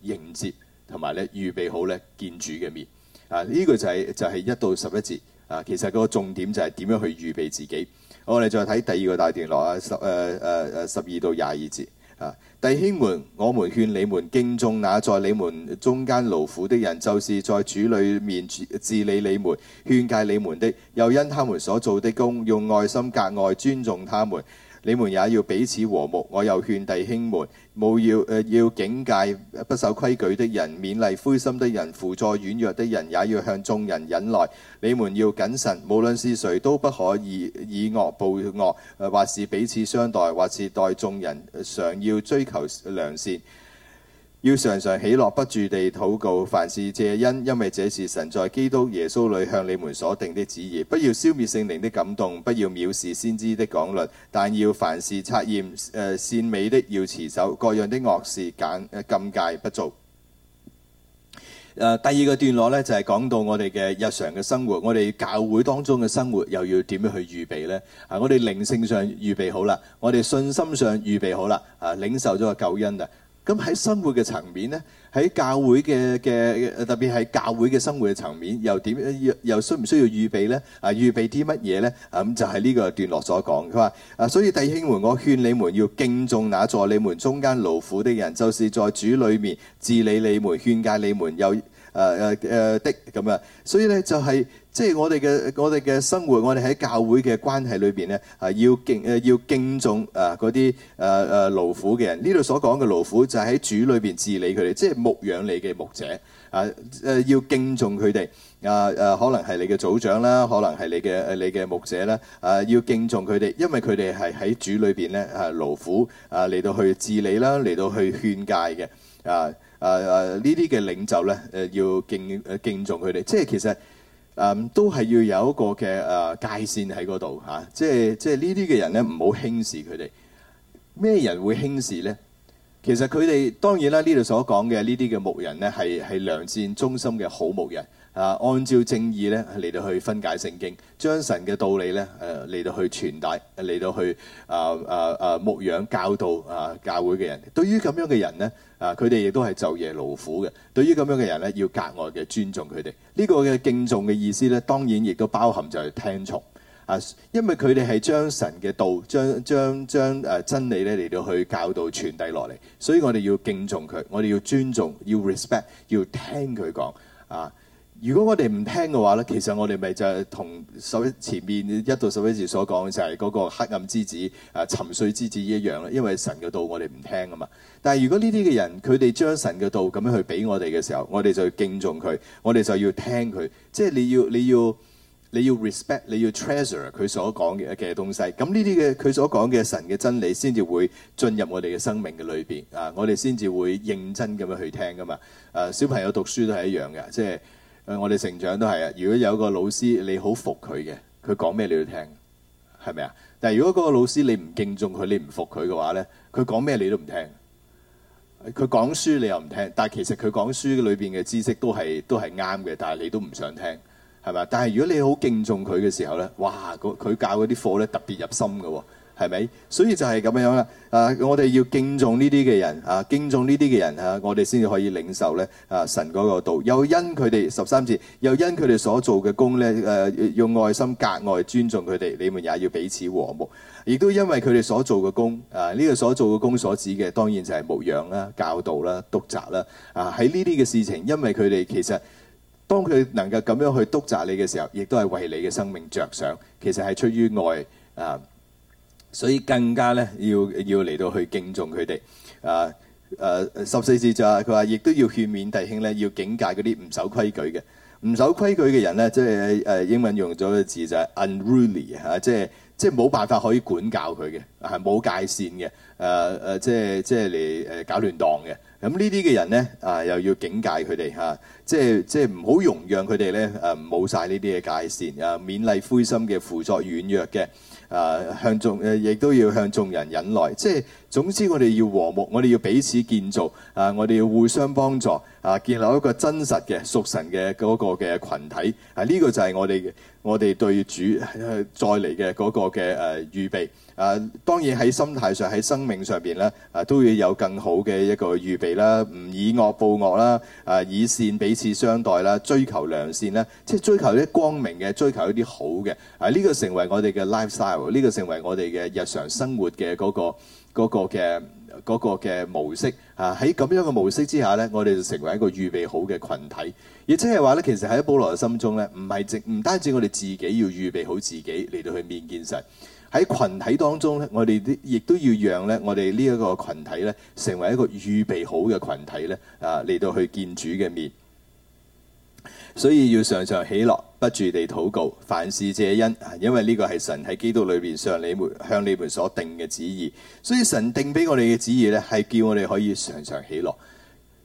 迎接。同埋咧，預備好咧見主嘅面啊！呢、這個就係、是、就係、是、一到十一節啊。其實嗰個重點就係點樣去預備自己。好，我哋再睇第二個大段落啊，十啊十二到廿二節啊。弟兄們，我們勸你們敬重那在你們中間勞苦的人，就是在主裏面治理你們、勸戒你們的，又因他們所做的工，用愛心格外尊重他們。你們也要彼此和睦，我又勸弟兄們：冇要、呃、要警戒不守規矩的人，勉勵灰心的人，扶助軟弱的人，也要向眾人忍耐。你們要謹慎，無論是誰都不可以以惡報惡、呃，或是彼此相待，或是待眾人，常要追求良善。要常常喜樂，不住地禱告，凡事謝恩，因為這是神在基督耶穌裏向你們所定的旨意。不要消滅聖靈的感動，不要藐視先知的講論，但要凡事察驗。誒，善美的要持守，各樣的惡事簡誒禁戒不做。誒，第二個段落咧就係講到我哋嘅日常嘅生活，我哋教會當中嘅生活又要點樣去預備咧？啊，我哋靈性上預備好啦，我哋信心上預備好啦，啊，領受咗個救恩啊！咁喺生活嘅層面呢，喺教會嘅嘅，特別係教會嘅生活嘅層面，又點？又需唔需要預備呢？啊，預備啲乜嘢呢？咁就係呢個段落所講。佢話：啊，所以弟兄們，我勸你們要敬重那在你們中間勞苦的人，就是在主裏面治理你們、勸戒你們，又誒誒誒的咁啊，所以咧就係即係我哋嘅我哋嘅生活，我哋喺教會嘅關係裏邊咧，係要敬誒要敬重誒嗰啲誒誒勞苦嘅人。呢度所講嘅勞苦就係喺主裏邊治理佢哋，即係牧養你嘅牧者啊，誒要敬重佢哋啊，誒可能係你嘅組長啦，可能係你嘅你嘅牧者啦啊，要敬重佢哋，因為佢哋係喺主裏邊咧係勞苦啊嚟到去治理啦，嚟到去勸戒嘅啊。誒誒呢啲嘅領袖咧，誒要敬誒敬重佢哋，即係其實誒、嗯、都係要有一個嘅誒、啊、界線喺嗰度嚇，即係即係呢啲嘅人咧唔好輕視佢哋。咩人會輕視咧？其實佢哋當然啦，呢度所講嘅呢啲嘅牧人咧，係係良善忠心嘅好牧人。啊！按照正義咧嚟到去分解聖經，將神嘅道理咧誒嚟到去傳遞，嚟到去啊啊啊牧養教導啊教會嘅、啊、人。對於咁樣嘅人呢，啊佢哋亦都係晝夜勞苦嘅。對於咁樣嘅人呢，要格外嘅尊重佢哋。呢、呢個嘅敬重嘅意思呢，當然亦都包含就係聽從啊，因為佢哋係將神嘅道、將將將誒真理咧嚟到去教導傳遞落嚟，所以我哋要敬重佢，我哋要尊重，要 respect，要聽佢講啊。如果我哋唔聽嘅話咧，其實我哋咪就係同前面一到十一字所講嘅就係嗰個黑暗之子啊沉睡之子一樣啦。因為神嘅道我哋唔聽啊嘛。但係如果呢啲嘅人佢哋將神嘅道咁樣去俾我哋嘅時候，我哋就要敬重佢，我哋就要聽佢。即係你要你要你要 respect，你要 treasure 佢所講嘅嘅東西。咁呢啲嘅佢所講嘅神嘅真理先至會進入我哋嘅生命嘅裏面。啊！我哋先至會認真咁樣去聽啊嘛。小朋友讀書都係一樣嘅，即係。我哋成長都係啊！如果有一個老師你好服佢嘅，佢講咩你都聽，係咪啊？但係如果嗰個老師你唔敬重佢，你唔服佢嘅話呢，佢講咩你都唔聽。佢講書你又唔聽，但係其實佢講書裏邊嘅知識都係都係啱嘅，但係你都唔想聽，係咪？但係如果你好敬重佢嘅時候呢，哇！佢教嗰啲課呢，特別入心嘅喎、哦。係咪？所以就係咁樣啦。誒，我哋要敬重呢啲嘅人啊，敬重呢啲嘅人啊，我哋先至可以領受咧。啊，神嗰個道又因佢哋十三節，又因佢哋所做嘅工咧。誒，用愛心格外尊重佢哋。你們也要彼此和睦，亦都因為佢哋所做嘅工啊。呢個所做嘅工所指嘅當然就係牧養啦、教導啦、督責啦。啊，喺呢啲嘅事情，因為佢哋其實當佢能夠咁樣去督責你嘅時候，亦都係為你嘅生命著想，其實係出於愛啊。所以更加咧，要要嚟到去敬重佢哋啊！誒，十四節就話佢話，亦都要勸勉弟兄咧，要警戒嗰啲唔守規矩嘅，唔守規矩嘅人咧，即係誒，英文用咗個字就係 unruly 嚇，即係即係冇辦法可以管教佢嘅，係冇界線嘅，誒誒，即係即係嚟誒，搞亂檔嘅。咁呢啲嘅人咧啊，又要警戒佢哋嚇，即係即係唔好容讓佢哋咧誒，冇曬呢啲嘅界線啊，勉勵灰心嘅，扶助軟弱嘅。呃、啊，向眾誒，亦都要向眾人忍耐，即係。總之，我哋要和睦，我哋要彼此建造，啊，我哋要互相幫助，啊，建立一個真實嘅屬神嘅嗰個嘅群體。啊，呢個就係我哋我哋對主、啊、再嚟嘅嗰個嘅誒、啊、預備。啊，當然喺心態上、喺生命上邊咧，啊都要有更好嘅一個預備啦。唔以惡報惡啦，啊以善彼此相待啦，追求良善啦，即係追求一啲光明嘅，追求一啲好嘅。啊，呢個成為我哋嘅 lifestyle，呢個成為我哋嘅日常生活嘅嗰個。嗰個嘅嗰個嘅模式啊，喺咁樣嘅模式之下呢，我哋就成為一個預備好嘅群體。亦即係話呢，其實喺保羅心中呢，唔係淨唔單止我哋自己要預備好自己嚟到去面見神。喺群體當中呢，我哋亦都要讓呢，我哋呢一個群體呢，成為一個預備好嘅群體呢，啊，嚟到去見主嘅面。所以要常常喜樂，不住地禱告，凡事謝恩，因為呢個係神喺基督裏邊向你們向你們所定嘅旨意。所以神定俾我哋嘅旨意咧，係叫我哋可以常常喜樂。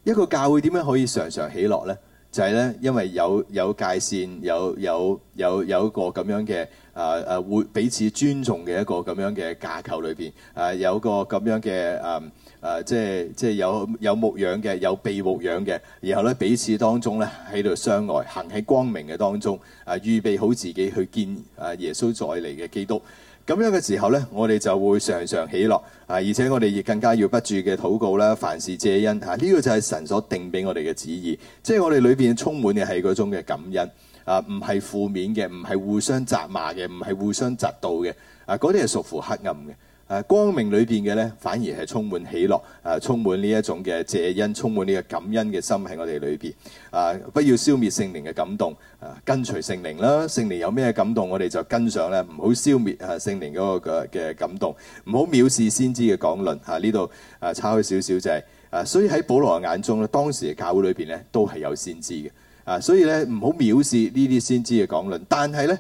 一個教會點樣可以常常喜樂呢？就係呢，因為有有界線，有有有有一個咁樣嘅啊啊，會、呃、彼此尊重嘅一個咁樣嘅架構裏邊，啊、呃，有一個咁樣嘅啊。呃誒、啊，即係即係有有牧養嘅，有被牧養嘅，然後咧彼此當中咧喺度相愛，行喺光明嘅當中，誒、啊、預備好自己去見耶穌再嚟嘅基督。咁樣嘅時候咧，我哋就會常常喜樂，啊，而且我哋亦更加要不住嘅禱告啦，凡事謝恩呢個、啊、就係神所定俾我哋嘅旨意，即係我哋裏面充滿嘅係嗰種嘅感恩，啊唔係負面嘅，唔係互相責罵嘅，唔係互相責道嘅，啊嗰啲係屬乎黑暗嘅。誒光明裏邊嘅咧，反而係充滿喜樂，誒充滿呢一種嘅謝恩，充滿呢個感恩嘅心喺我哋裏邊。啊，不要消滅聖靈嘅感動，啊跟隨聖靈啦，聖靈有咩感動，我哋就跟上咧，唔好消滅啊聖靈嗰個嘅嘅感動，唔好藐視先知嘅講論。啊呢度啊差開少少就係啊，所以喺保羅眼中咧，當時嘅教會裏邊咧都係有先知嘅。啊，所以咧唔好藐視呢啲先知嘅講論，但係咧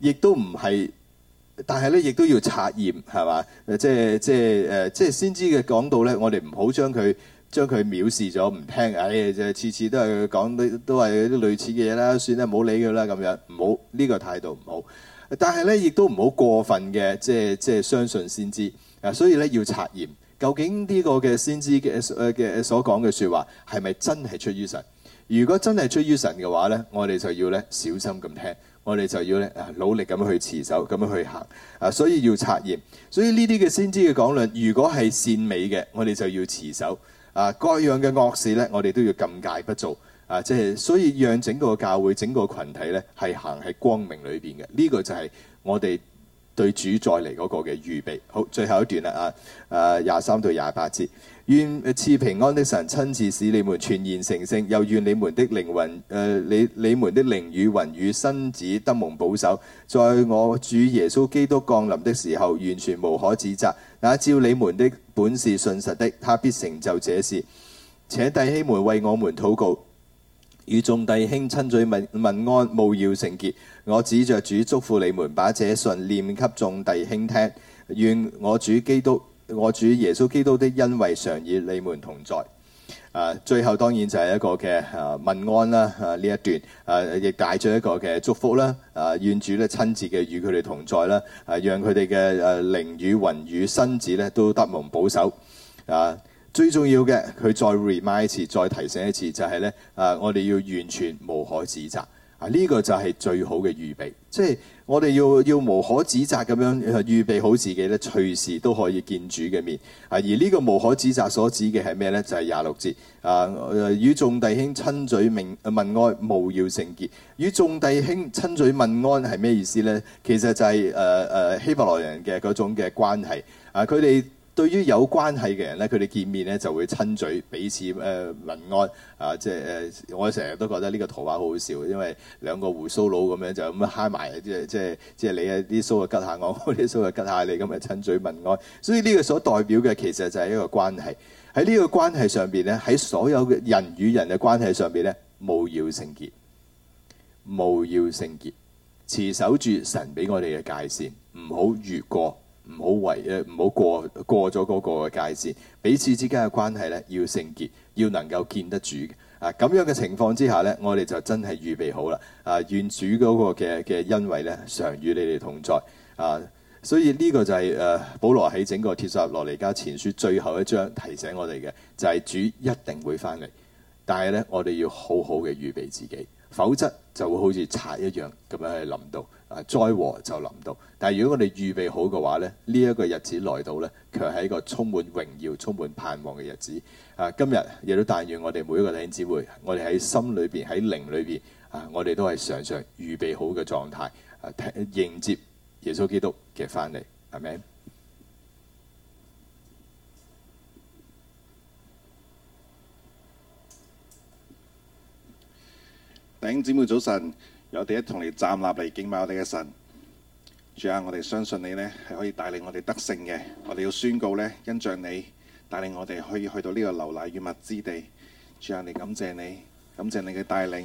亦都唔係。但係咧，亦都要察驗係嘛？誒，即係即係誒，即係先知嘅講到咧，我哋唔好將佢將佢藐視咗，唔聽。唉、哎，即係次次都係講都都係啲類似嘅嘢啦，算啦，唔好理佢啦，咁樣唔好呢個態度唔好。但係咧，亦都唔好過分嘅，即係即係相信先知。啊，所以咧要察驗，究竟呢個嘅先知嘅誒嘅所講嘅説話係咪真係出於神？如果真係出於神嘅話咧，我哋就要咧小心咁聽。我哋就要咧啊，努力咁樣去持守，咁樣去行啊，所以要察驗。所以呢啲嘅先知嘅講論，如果係善美嘅，我哋就要持守啊。各樣嘅惡事呢，我哋都要禁戒不做啊。即係所以，讓整個教會、整個群體呢，係行喺光明裏邊嘅。呢個就係我哋對主再嚟嗰個嘅預備。好，最後一段啦啊，誒廿三到廿八節。願賜平安的神親自使你們全然成聖，又願你們的靈魂、呃，你們的靈云云與魂與身子得蒙保守。在我主耶穌基督降臨的時候，完全無可指責。那召你們的本是信實的，他必成就這事。請弟兄們為我們禱告，與眾弟兄親嘴問安，務要聖潔。我指着主祝福你們，把這信念給眾弟兄聽。願我主基督。我主耶穌基督的恩惠常與你們同在。啊，最後當然就係一個嘅啊問安啦，啊，呢一段啊亦帶咗一個嘅祝福啦，啊願主咧，親自嘅與佢哋同在啦，啊讓佢哋嘅靈與魂與身子咧，都得蒙保守。啊，最重要嘅佢再 remind 一次，再提醒一次就係咧，啊，我哋要完全無可指責啊，呢個就係最好嘅預備，即係。我哋要要無可指責咁樣預備好自己咧，隨時都可以見主嘅面。啊，而呢個無可指責所指嘅係咩呢？就係廿六節啊，與眾弟兄親嘴問問安，務要聖潔。與眾弟兄親嘴問安係咩意思呢？其實就係誒誒希伯來人嘅嗰種嘅關係。啊，佢哋。對於有關係嘅人咧，佢哋見面咧就會親嘴，彼此誒問、呃、安啊！即係誒、呃，我成日都覺得呢個圖畫好好笑，因為兩個鬍鬚佬咁樣就咁揩埋，即係即係即係你啊啲須啊吉下我，啲須啊吉下你，咁咪親嘴問安。所以呢個所代表嘅其實就係一個關係。喺呢個關係上邊咧，喺所有嘅人與人嘅關係上邊咧，勿要聖潔，勿要聖潔，持守住神俾我哋嘅界線，唔好越過。唔好違誒，唔好過過咗嗰個界線，彼此之間嘅關係咧要聖潔，要能夠見得住嘅啊！咁樣嘅情況之下呢，我哋就真係預備好啦啊！願主嗰個嘅嘅恩惠咧，常與你哋同在啊！所以呢個就係、是、誒、啊，保羅喺整個帖撒羅尼迦前書最後一章提醒我哋嘅，就係、是、主一定會翻嚟，但係呢，我哋要好好嘅預備自己，否則就會好似賊一樣咁樣去臨到。啊！災禍就臨到，但係如果我哋預備好嘅話咧，呢、這、一個日子來到咧，卻係一個充滿榮耀、充滿盼望嘅日子。啊！今日亦都但願我哋每一個弟兄姊妹，我哋喺心裏邊、喺靈裏邊啊，我哋都係常常預備好嘅狀態啊，迎接耶穌基督嘅翻嚟。阿們。弟兄姊妹早晨。有我哋一同嚟站立嚟敬拜我哋嘅神，主啊，我哋相信你呢係可以帶領我哋得勝嘅，我哋要宣告呢，因著你帶領我哋可以去，去到呢個流奶與蜜之地，主啊，我哋你感謝你，感謝你嘅帶領。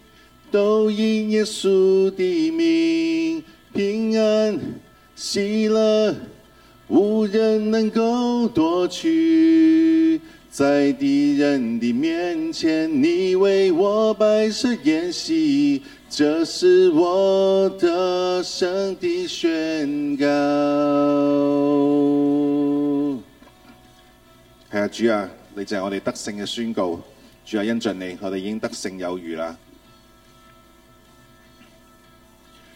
都以耶穌的名平安，喜樂無人能夠奪取。在敵人的面前，你為我擺設筵席，這是我得勝的宣告。係啊，主啊，你就係我哋得勝嘅宣告。主啊，恩准你，我哋已經得勝有餘啦。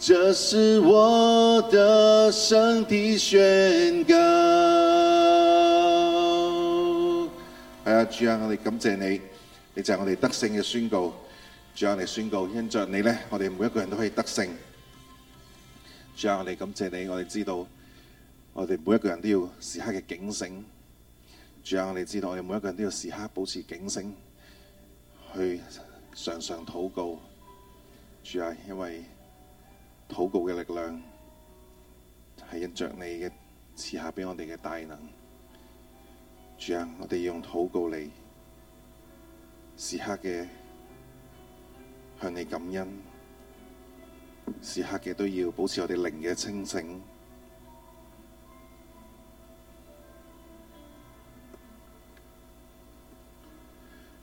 這是，這是我的身體宣告。阿主啊，我哋感謝你，你就係我哋得勝嘅宣告。主啊，我哋宣告，因着你咧，我哋每一個人都可以得勝。主啊，我哋感謝你，我哋知道，我哋每一個人都要時刻嘅警醒。主啊，我哋知道，我哋每一個人都要時刻保持警醒，去常常禱告。主啊，因為禱告嘅力量是印着你嘅賜下俾我哋嘅大能，主啊，我哋要用禱告你，時刻嘅向你感恩，時刻嘅都要保持我哋靈嘅清醒。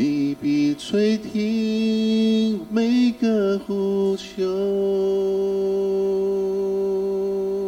你必垂聽每個呼求。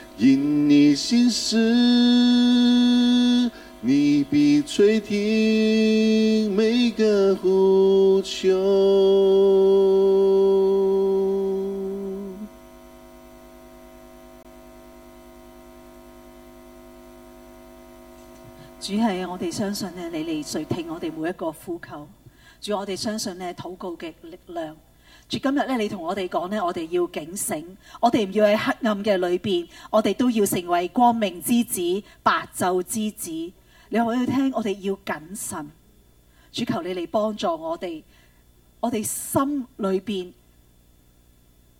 因你心思，你必垂聽每個呼求。主，係我哋相信咧，你嚟垂聽我哋每一個呼求。主，我哋相信咧，禱告嘅力量。今日咧，你同我哋講呢，我哋要警醒，我哋唔要喺黑暗嘅裏邊，我哋都要成為光明之子、白晝之子。你可以聽我聽，我哋要謹慎。主求你嚟幫助我哋，我哋心裏邊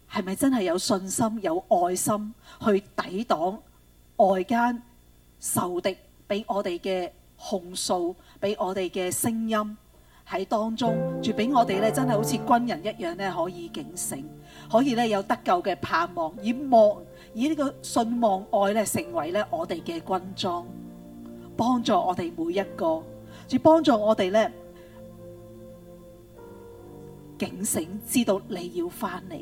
係咪真係有信心、有愛心去抵擋外間仇敵俾我哋嘅控訴、俾我哋嘅聲音？喺當中住俾我哋咧，真係好似軍人一樣咧，可以警醒，可以咧有得救嘅盼望，以望以呢個信望愛咧成為咧我哋嘅軍裝，幫助我哋每一個，住幫助我哋咧警醒，知道你要翻嚟，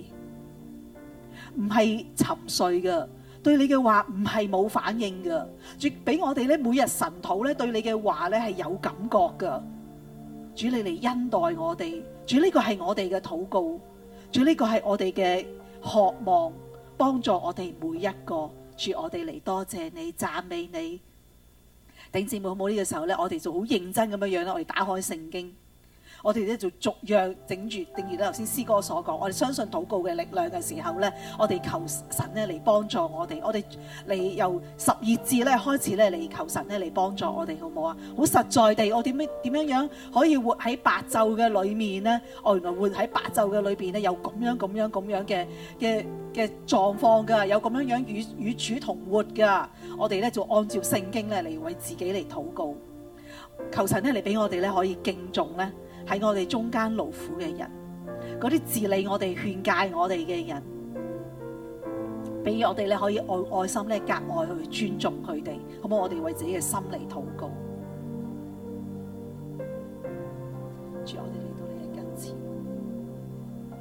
唔係沉睡噶，對你嘅話唔係冇反應噶，住俾我哋咧每日晨禱咧對你嘅話咧係有感覺噶。主你嚟恩待我哋，主呢個係我哋嘅禱告，主呢個係我哋嘅渴望，幫助我哋每一個，主我哋嚟多謝你，讚美你，頂姊妹好冇呢、呢個時候咧，我哋就好認真咁樣樣啦，我哋打開聖經。我哋咧就逐樣整住，正如你頭先師哥所講，我哋相信禱告嘅力量嘅時候咧，我哋求神咧嚟幫助我哋。我哋嚟由十二節咧開始咧嚟求神咧嚟幫助我哋，好唔好啊？好實在地，我點樣點樣樣可以活喺白晝嘅裏面咧？哦，原來活喺白晝嘅裏邊咧，有咁樣咁樣咁樣嘅嘅嘅狀況㗎，有咁樣樣與與主同活㗎。我哋咧就按照聖經咧嚟為自己嚟禱告，求神咧嚟俾我哋咧可以敬重咧，喺我哋中間勞苦嘅人，嗰啲治理我哋、勸誡我哋嘅人，俾我哋咧可以愛愛心咧格外去尊重佢哋，好冇？我哋為自己嘅心理禱告，主我哋嚟到你嘅跟前，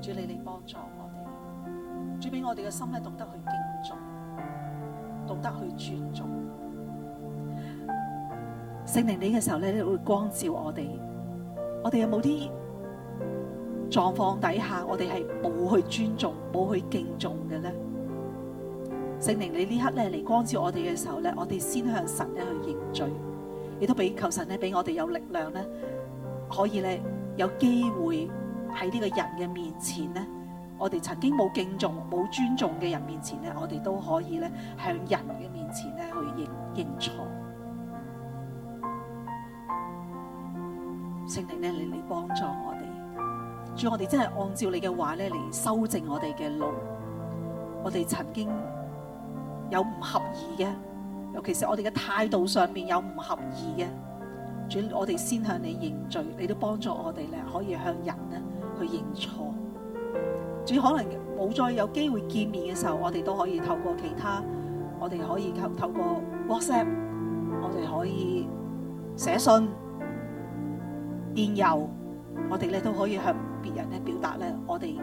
主你嚟幫助我哋，主俾我哋嘅心咧懂得去敬重，懂得去尊重，聖靈你嘅時候咧會光照我哋。我哋有冇啲狀況底下，我哋係冇去尊重、冇去敬重嘅咧？聖靈你這，你呢刻咧嚟光照我哋嘅時候咧，我哋先向神咧去認罪，亦都俾求神咧俾我哋有力量咧，可以咧有機會喺呢個人嘅面前咧，我哋曾經冇敬重、冇尊重嘅人面前咧，我哋都可以咧向人嘅面前咧去認認錯。聖靈你幫助我哋，主我哋真係按照你嘅話咧嚟，修正我哋嘅路，我哋曾經有唔合宜嘅，尤其是我哋嘅態度上面有唔合宜嘅，主我哋先向你認罪，你都幫助我哋咧可以向人咧去認錯，主可能冇再有機會見面嘅時候，我哋都可以透過其他，我哋可以透透過 WhatsApp，我哋可以寫信。由我哋咧都可以向別人咧表達咧，我哋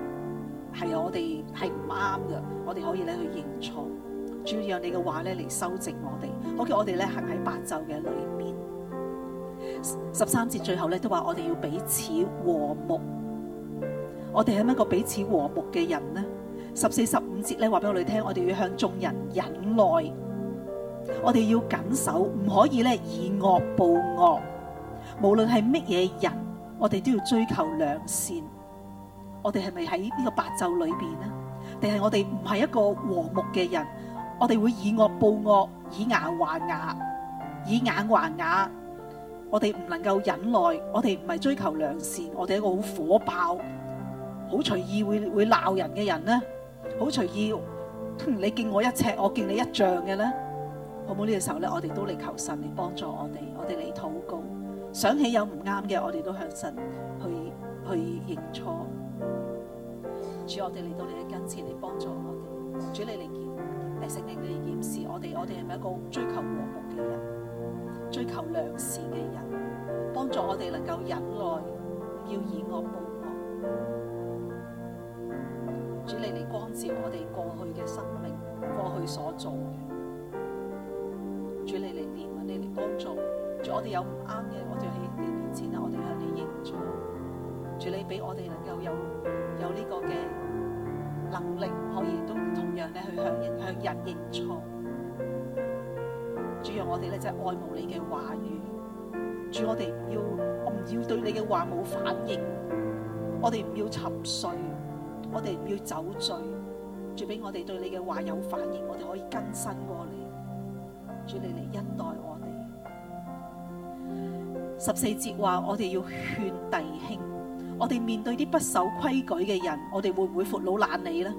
係我哋係唔啱嘅，我哋可以咧去認錯，主要有你嘅話咧嚟修正我哋。好、okay, 嘅，我哋咧行喺八咒嘅裏邊，十三節最後咧都話我哋要彼此和睦，我哋係一個彼此和睦嘅人咧？十四十五節咧話俾我哋聽，我哋要向眾人忍耐，我哋要緊守，唔可以咧以惡報惡。無論係乜嘢人，我哋都要追求良善。我哋係咪喺呢個白晝裏邊呢？定係我哋唔係一個和睦嘅人？我哋會以惡報惡，以牙還牙，以眼還眼。我哋唔能夠忍耐，我哋唔係追求良善，我哋一個好火爆、好隨意會會鬧人嘅人呢？好隨意，你敬我一尺，我敬你一丈嘅咧，好唔好呢個時候咧我哋都嚟求神嚟幫助我哋，我哋嚟禱告。想起有唔啱嘅，我哋都向神去去認錯。主，我哋嚟到你嘅近前，你幫助我哋。主，你嚟掩，誒，聖靈你嚟掩示我哋，我哋係咪一個追求和睦嘅人，追求良善嘅人？幫助我哋能夠忍耐，要以惡報惡。主，你嚟光照我哋過去嘅生命，過去所做嘅。主，你嚟憐憫，你嚟幫助。我哋有唔啱嘅，我哋喺你面前啊，我哋向你認錯。主，你俾我哋能夠有有呢個嘅能力，可以都同樣咧去向人向人認錯。主，讓我哋咧即係愛慕你嘅話語。主，我哋要我唔要對你嘅話冇反應，我哋唔要沉睡，我哋唔要酒醉。主，俾我哋對你嘅話有反應，我哋可以更新過你，主，你嚟恩待我。十四節話，我哋要勸弟兄，我哋面對啲不守規矩嘅人，我哋會唔會闊佬懶理呢？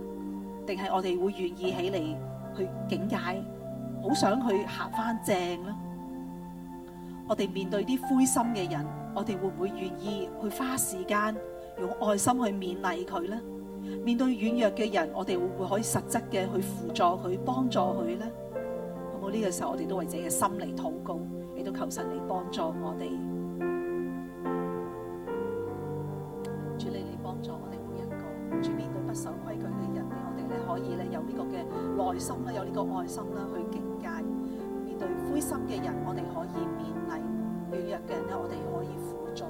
定係我哋會願意起嚟去警戒，好想去行翻正呢？我哋面對啲灰心嘅人，我哋會唔會願意去花時間用愛心去勉勵佢呢？面對軟弱嘅人，我哋會唔會可以實質嘅去輔助佢，幫助佢呢？好冇，呢個時候，我哋都為自己嘅心嚟禱告，亦都求神嚟幫助我哋。所以咧，有呢個嘅耐心啦，有呢個愛心啦，去警戒，面對灰心嘅人，我哋可以勉勵，軟弱嘅人咧，我哋可以輔助。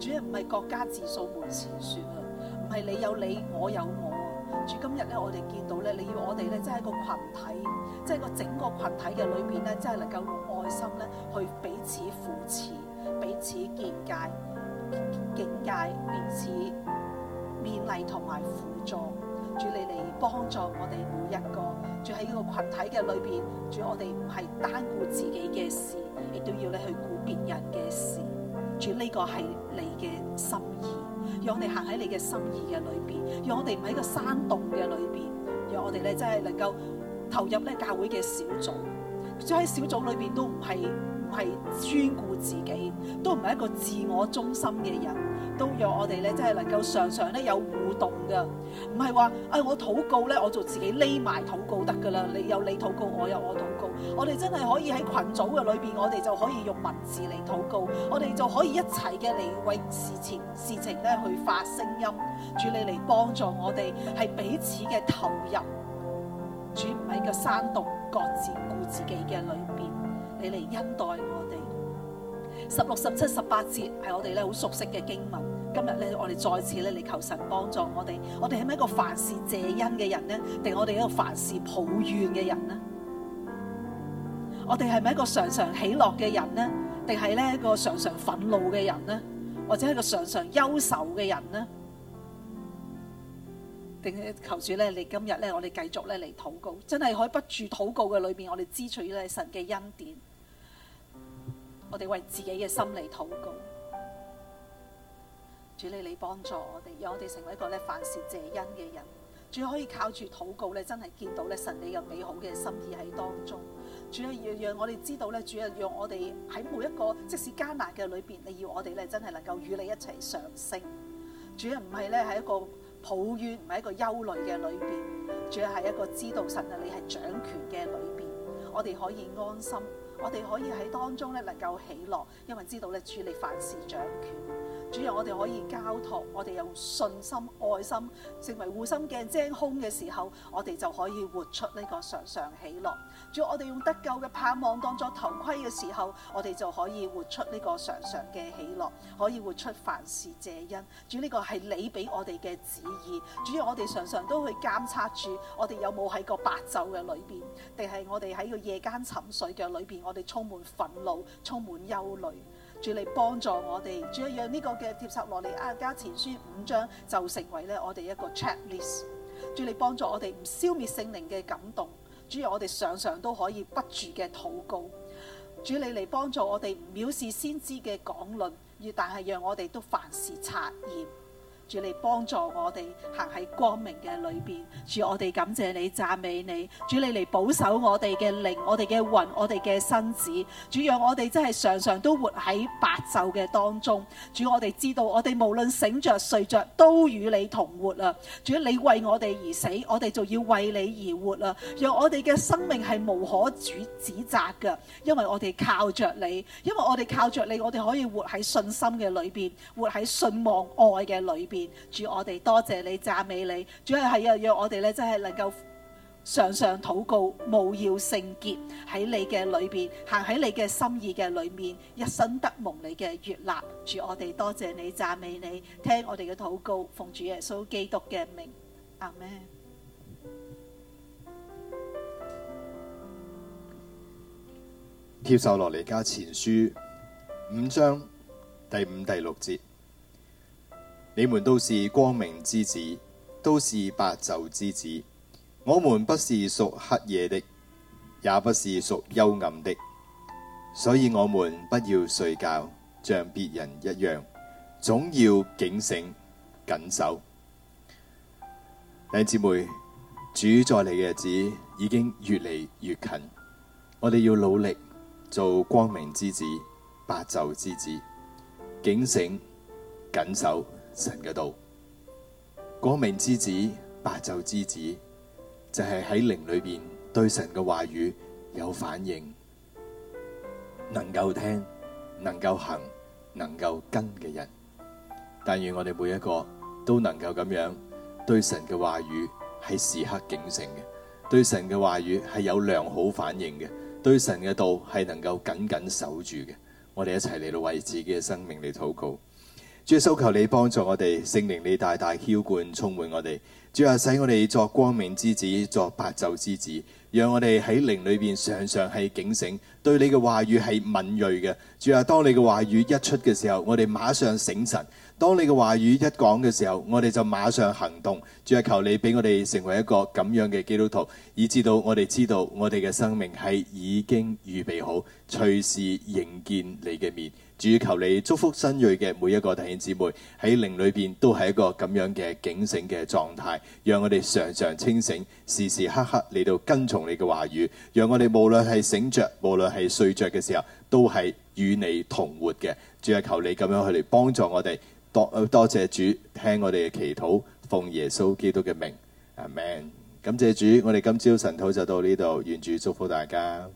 主要唔係國家自掃門前雪啊，唔係你有你，我有我啊。主今日咧，我哋見到咧，你要我哋咧，即係一個群體，即係個整個群體嘅裏邊咧，即係能夠用愛心咧，去彼此扶持，彼此警戒、警戒，彼此勉勵同埋輔助。主你嚟幫助我哋每一個，主喺呢個群體嘅裏邊，主我哋唔係單顧自己嘅事，亦都要你去顧別人嘅事。主呢個係你嘅心意，讓我哋行喺你嘅心意嘅裏邊，讓我哋唔喺個山洞嘅裏邊，讓我哋咧真係能夠投入咧教會嘅小組，主喺小組裏邊都唔係唔係專顧自己。都唔係一個自我中心嘅人，都讓我哋咧，真係能夠常常咧有互動噶，唔係話誒我禱告咧，我就自己匿埋禱告得噶啦，你有你禱告，我有我禱告，我哋真係可以喺群組嘅裏邊，我哋就可以用文字嚟禱告，我哋就可以一齊嘅嚟為事情事情咧去發聲音，主你嚟幫助我哋，係彼此嘅投入，主唔係個山洞各自顧自己嘅裏邊，你嚟恩待我。十六、十七、十八節係我哋咧好熟悉嘅經文。今日咧，我哋再次咧嚟求神幫助我哋。我哋係咪一個凡事謝恩嘅人呢？定我哋一個凡事抱怨嘅人呢？我哋係咪一個常常喜樂嘅人呢？定係呢一個常常憤怒嘅人呢？或者係一個常常憂愁嘅人呢？定求主咧，你今日咧，我哋繼續咧嚟禱告，真係可以不住禱告嘅裏面，我哋支取咧神嘅恩典。我哋為自己嘅心理禱告，主你你幫助我哋，讓我哋成為一個咧凡事謝恩嘅人。主可以靠住禱告咧，真係見到咧神你嘅美好嘅心意喺當中。主要要讓我哋知道咧，主要讓我哋喺每一個即使艱難嘅裏邊，你要我哋咧真係能夠與你一齊上升。主要唔係咧喺一個抱怨，唔係一個憂慮嘅裏邊。主要係一個知道神啊你係掌權嘅裏邊，我哋可以安心。我哋可以喺當中能夠喜樂，因為知道咧主你凡事掌權，主要我哋可以交託，我哋用信心、愛心成為護心鏡，精空嘅時候，我哋就可以活出呢個常常喜樂。主，我哋用得救嘅盼望當作頭盔嘅時候，我哋就可以活出呢個常常嘅喜樂，可以活出凡事謝恩。主，呢個係你俾我哋嘅旨意。主，我哋常常都去監察住我哋有冇喺個白晝嘅裏邊，定係我哋喺個夜間沉睡嘅裏邊，我哋充滿憤怒，充滿憂慮。主，你幫助我哋，主要讓呢個嘅帖撒羅尼迦前書五章就成為咧我哋一個 check list。主，你幫助我哋唔消滅聖靈嘅感動。主，我哋常常都可以不住嘅禱告，主你嚟幫助我哋，藐視先知嘅講論，而但係讓我哋都凡事察驗。主你幫助我哋行喺光明嘅裏邊，主我哋感謝你讚美你，主你嚟保守我哋嘅靈，我哋嘅魂，我哋嘅身子，主讓我哋真係常常都活喺白晝嘅當中，主我哋知道我哋無論醒着睡着都與你同活啦，主你為我哋而死，我哋就要為你而活啦，讓我哋嘅生命係無可指責噶，因為我哋靠着你，因為我哋靠着你，我哋可以活喺信心嘅裏邊，活喺信望愛嘅裏邊。主我哋多謝你讚美你，主係係要我哋咧，真係能夠常常禱告，務要聖潔喺你嘅裏邊，行喺你嘅心意嘅裏面，一生得蒙你嘅悅納。主我哋多謝你讚美你，聽我哋嘅禱告，奉主耶穌基督嘅名，阿們。「帖撒羅尼迦前書五章第五、第六節。你們都是光明之子，都是白晝之子。我們不是屬黑夜的，也不是屬幽暗的，所以我們不要睡覺，像別人一樣，總要警醒謹守。弟兄姊妹，主再嚟嘅日子已經越嚟越近，我哋要努力做光明之子、白晝之子，警醒謹守。神嘅道，光明之子、白晝之子，就係喺靈裏邊對神嘅話語有反應，能夠聽、能夠行、能夠跟嘅人。但願我哋每一個都能夠咁樣對神嘅話語係時刻警醒嘅，對神嘅話語係有良好反應嘅，對神嘅道係能夠緊緊守住嘅。我哋一齊嚟到為自己嘅生命嚟禱告。主啊，求你幫助我哋，聖靈你大大澆灌充滿我哋。主啊，使我哋作光明之子，作白晝之子。讓我哋喺靈裏面常常係警醒，對你嘅話語係敏銳嘅。主啊，當你嘅話語一出嘅時候，我哋馬上醒神；當你嘅話語一講嘅時候，我哋就馬上行動。主啊，求你俾我哋成為一個咁樣嘅基督徒，以至到我哋知道我哋嘅生命係已經預備好，隨時迎見你嘅面。主，求你祝福新銳嘅每一個弟兄姊妹，喺靈裏邊都係一個咁樣嘅警醒嘅狀態，讓我哋常常清醒，時時刻刻嚟到跟從你嘅話語，讓我哋無論係醒着，無論係睡着嘅時候，都係與你同活嘅。主，係求你咁樣去嚟幫助我哋，多多謝主聽我哋嘅祈禱，奉耶穌基督嘅名，阿門，感謝主，我哋今朝晨禱就到呢度，願主祝福大家。